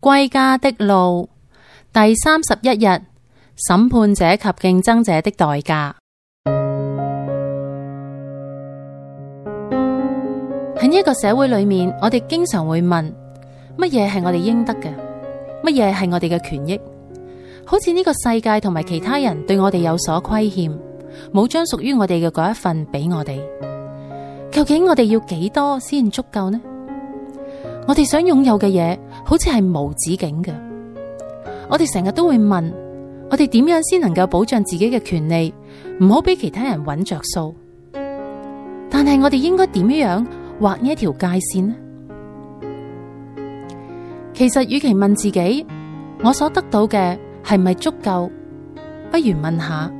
歸家的路第三十一日，審判者及競爭者的代價。喺呢 個社會裏面，我哋經常會問：乜嘢係我哋應得嘅？乜嘢係我哋嘅權益？好似呢個世界同埋其他人對我哋有所虧欠，冇將屬於我哋嘅嗰一份俾我哋。究竟我哋要幾多先足夠呢？我哋想擁有嘅嘢。好似係無止境嘅，我哋成日都會問，我哋點樣先能夠保障自己嘅權利，唔好俾其他人揾着數。但係我哋應該點樣劃呢一條界線呢？其實，與其問自己我所得到嘅係咪足夠，不如問下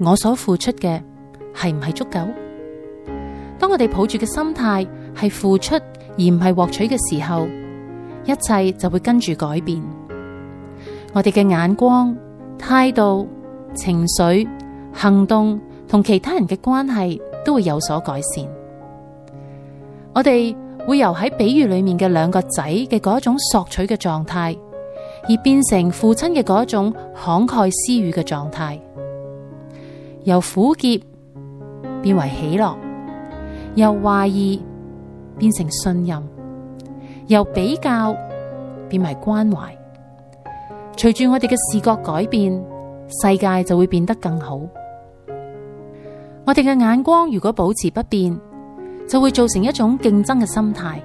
我所付出嘅係唔係足夠。當我哋抱住嘅心態係付出而唔係獲取嘅時候。一切就會跟住改變，我哋嘅眼光、態度、情緒、行動同其他人嘅關係都會有所改善。我哋會由喺比喻裏面嘅兩個仔嘅嗰種索取嘅狀態，而變成父親嘅嗰種慷慨施予嘅狀態，由苦澀變為喜樂，由懷疑變成信任。由比較變為關懷，隨住我哋嘅視覺改變，世界就會變得更好。我哋嘅眼光如果保持不變，就會造成一種競爭嘅心態。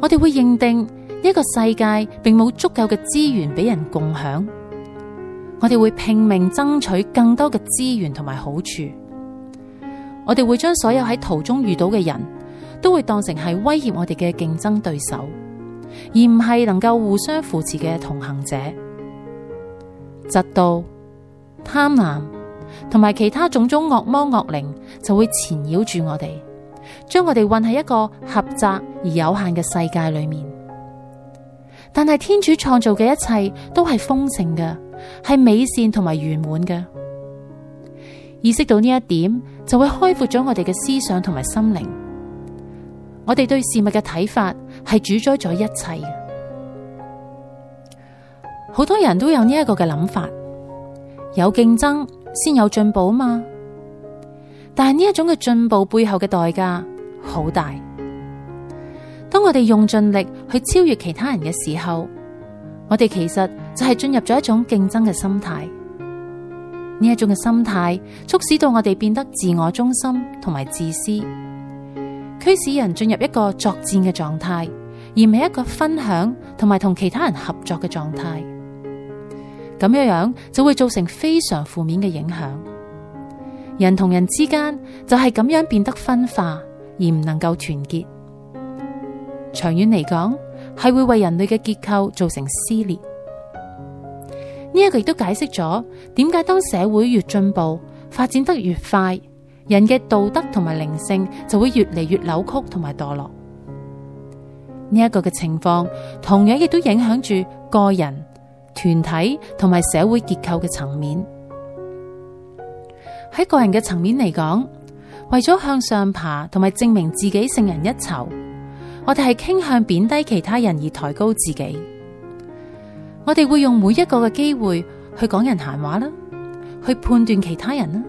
我哋會認定一個世界並冇足夠嘅資源俾人共享，我哋會拼命爭取更多嘅資源同埋好處。我哋會將所有喺途中遇到嘅人，都會當成係威脅我哋嘅競爭對手，而唔係能夠互相扶持嘅同行者。嫉妒、貪婪同埋其他種種惡魔惡靈就會纏繞住我哋，將我哋困喺一個狹窄而有限嘅世界裏面。但係天主創造嘅一切都係豐盛嘅，係美善同埋圓滿嘅。意識到呢一點，就會開闊咗我哋嘅思想同埋心靈。我哋對事物嘅睇法係主宰咗一切嘅，好多人都有呢一個嘅諗法，有競爭先有進步嘛。但係呢一種嘅進步背後嘅代價好大。當我哋用盡力去超越其他人嘅時候，我哋其實就係進入咗一種競爭嘅心態。呢一種嘅心態促使到我哋變得自我中心同埋自私。驅使人進入一個作戰嘅狀態，而唔係一個分享同埋同其他人合作嘅狀態。咁樣樣就會造成非常負面嘅影響。人同人之間就係咁樣變得分化，而唔能夠團結。長遠嚟講，係會為人類嘅結構造成撕裂。呢一個亦都解釋咗點解當社會越進步，發展得越快，人嘅道德同埋靈性就會越嚟越扭曲同埋墮落，呢一個嘅情況同樣亦都影響住個人、團體同埋社會結構嘅層面。喺個人嘅層面嚟講，為咗向上爬同埋證明自己勝人一籌，我哋係傾向貶低其他人而抬高自己，我哋會用每一個嘅機會去講人閒話啦，去判斷其他人啦。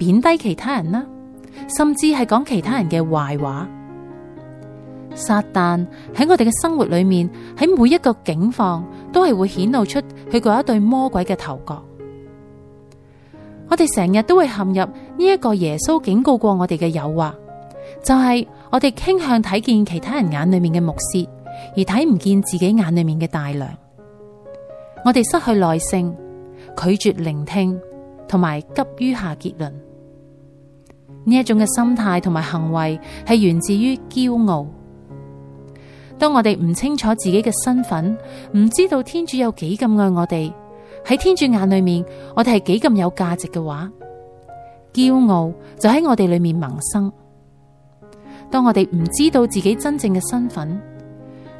貶低其他人啦，甚至係講其他人嘅壞話。撒旦喺我哋嘅生活裏面，喺每一個境況都係會顯露出佢嗰一對魔鬼嘅頭角。我哋成日都會陷入呢一個耶穌警告過我哋嘅誘惑，就係、是、我哋傾向睇見其他人眼裏面嘅木屑，而睇唔見自己眼裏面嘅大樑。我哋失去耐性，拒絕聆聽，同埋急於下結論。呢一種嘅心態同埋行為係源自於驕傲。當我哋唔清楚自己嘅身份，唔知道天主有幾咁愛我哋，喺天主眼裏面我哋係幾咁有價值嘅話，驕傲就喺我哋裏面萌生。當我哋唔知道自己真正嘅身份，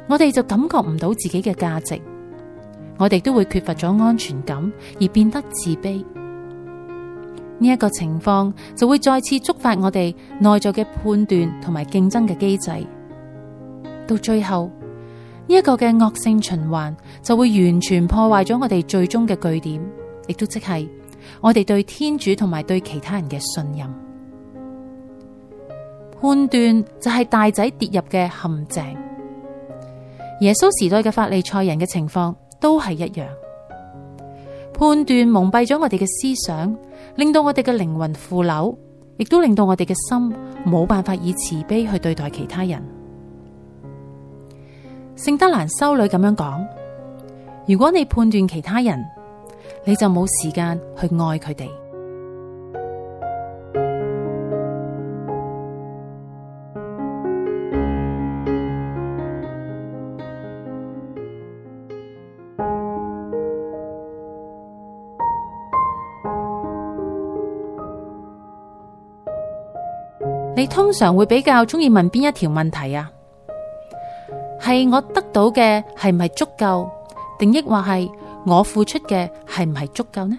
我哋就感覺唔到自己嘅價值，我哋都會缺乏咗安全感而變得自卑。呢一個情況就會再次觸發我哋內在嘅判斷同埋競爭嘅機制，到最後呢一個嘅惡性循環就會完全破壞咗我哋最終嘅據點，亦都即係我哋對天主同埋對其他人嘅信任。判斷就係大仔跌入嘅陷阱，耶穌時代嘅法利賽人嘅情況都係一樣。判斷蒙蔽咗我哋嘅思想，令到我哋嘅靈魂腐朽，亦都令到我哋嘅心冇辦法以慈悲去對待其他人。聖德蘭修女咁樣講：「如果你判斷其他人，你就冇時間去愛佢哋。」你通常會比較中意問邊一條問題啊？係我得到嘅係唔係足夠，定抑或係我付出嘅係唔係足夠呢？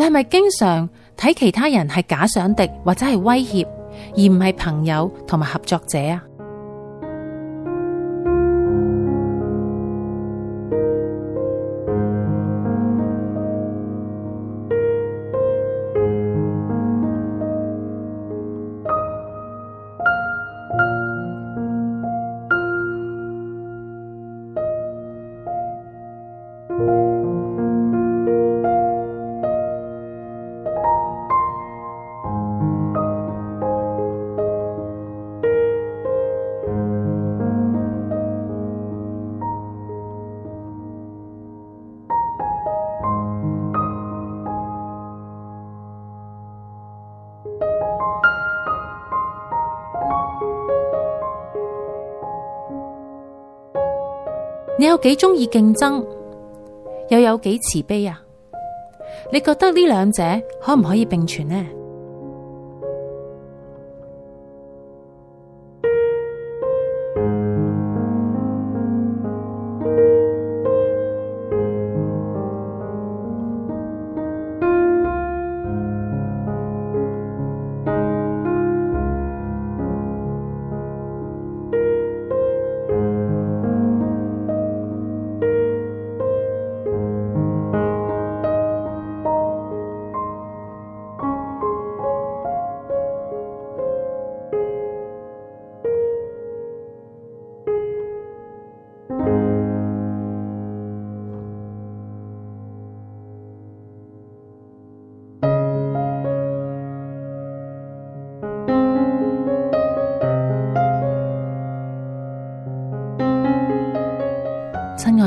你係咪經常睇其他人係假想敵或者係威脅，而唔係朋友同埋合作者啊？你有幾鍾意競爭，又有幾慈悲啊？你覺得呢兩者可唔可以並存呢？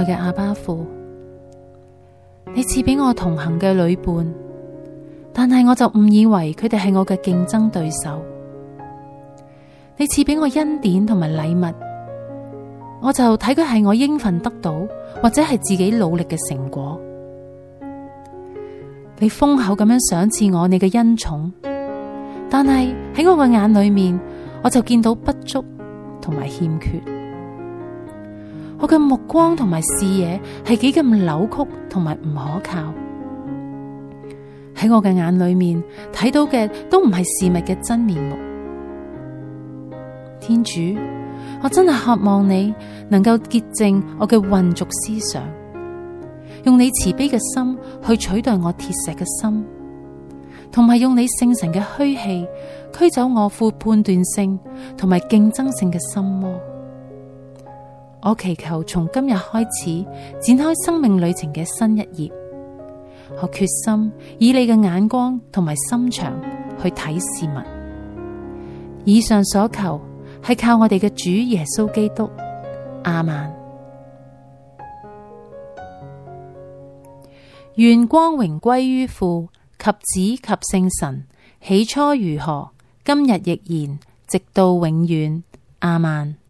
嘅阿爸父，你賜俾我同行嘅旅伴，但係我就誤以為佢哋係我嘅競爭對手。你賜俾我恩典同埋禮物，我就睇佢係我應份得到，或者係自己努力嘅成果。你豐厚咁樣賞賜我你嘅恩寵，但係喺我嘅眼裏面，我就見到不足同埋欠缺。我嘅目光同埋視野係幾咁扭曲同埋唔可靠，喺我嘅眼裏面睇到嘅都唔係事物嘅真面目。天主，我真係渴望你能夠潔淨我嘅混濁思想，用你慈悲嘅心去取代我鐵石嘅心，同埋用你聖神嘅噓氣驅走我富判斷性同埋競爭性嘅心魔。我祈求從今日開始展開生命旅程嘅新一頁，我決心以你嘅眼光同埋心腸去睇事物。以上所求係靠我哋嘅主耶穌基督。亞孟。願光榮歸於父及子及聖神。起初如何，今日亦然，直到永遠。亞孟。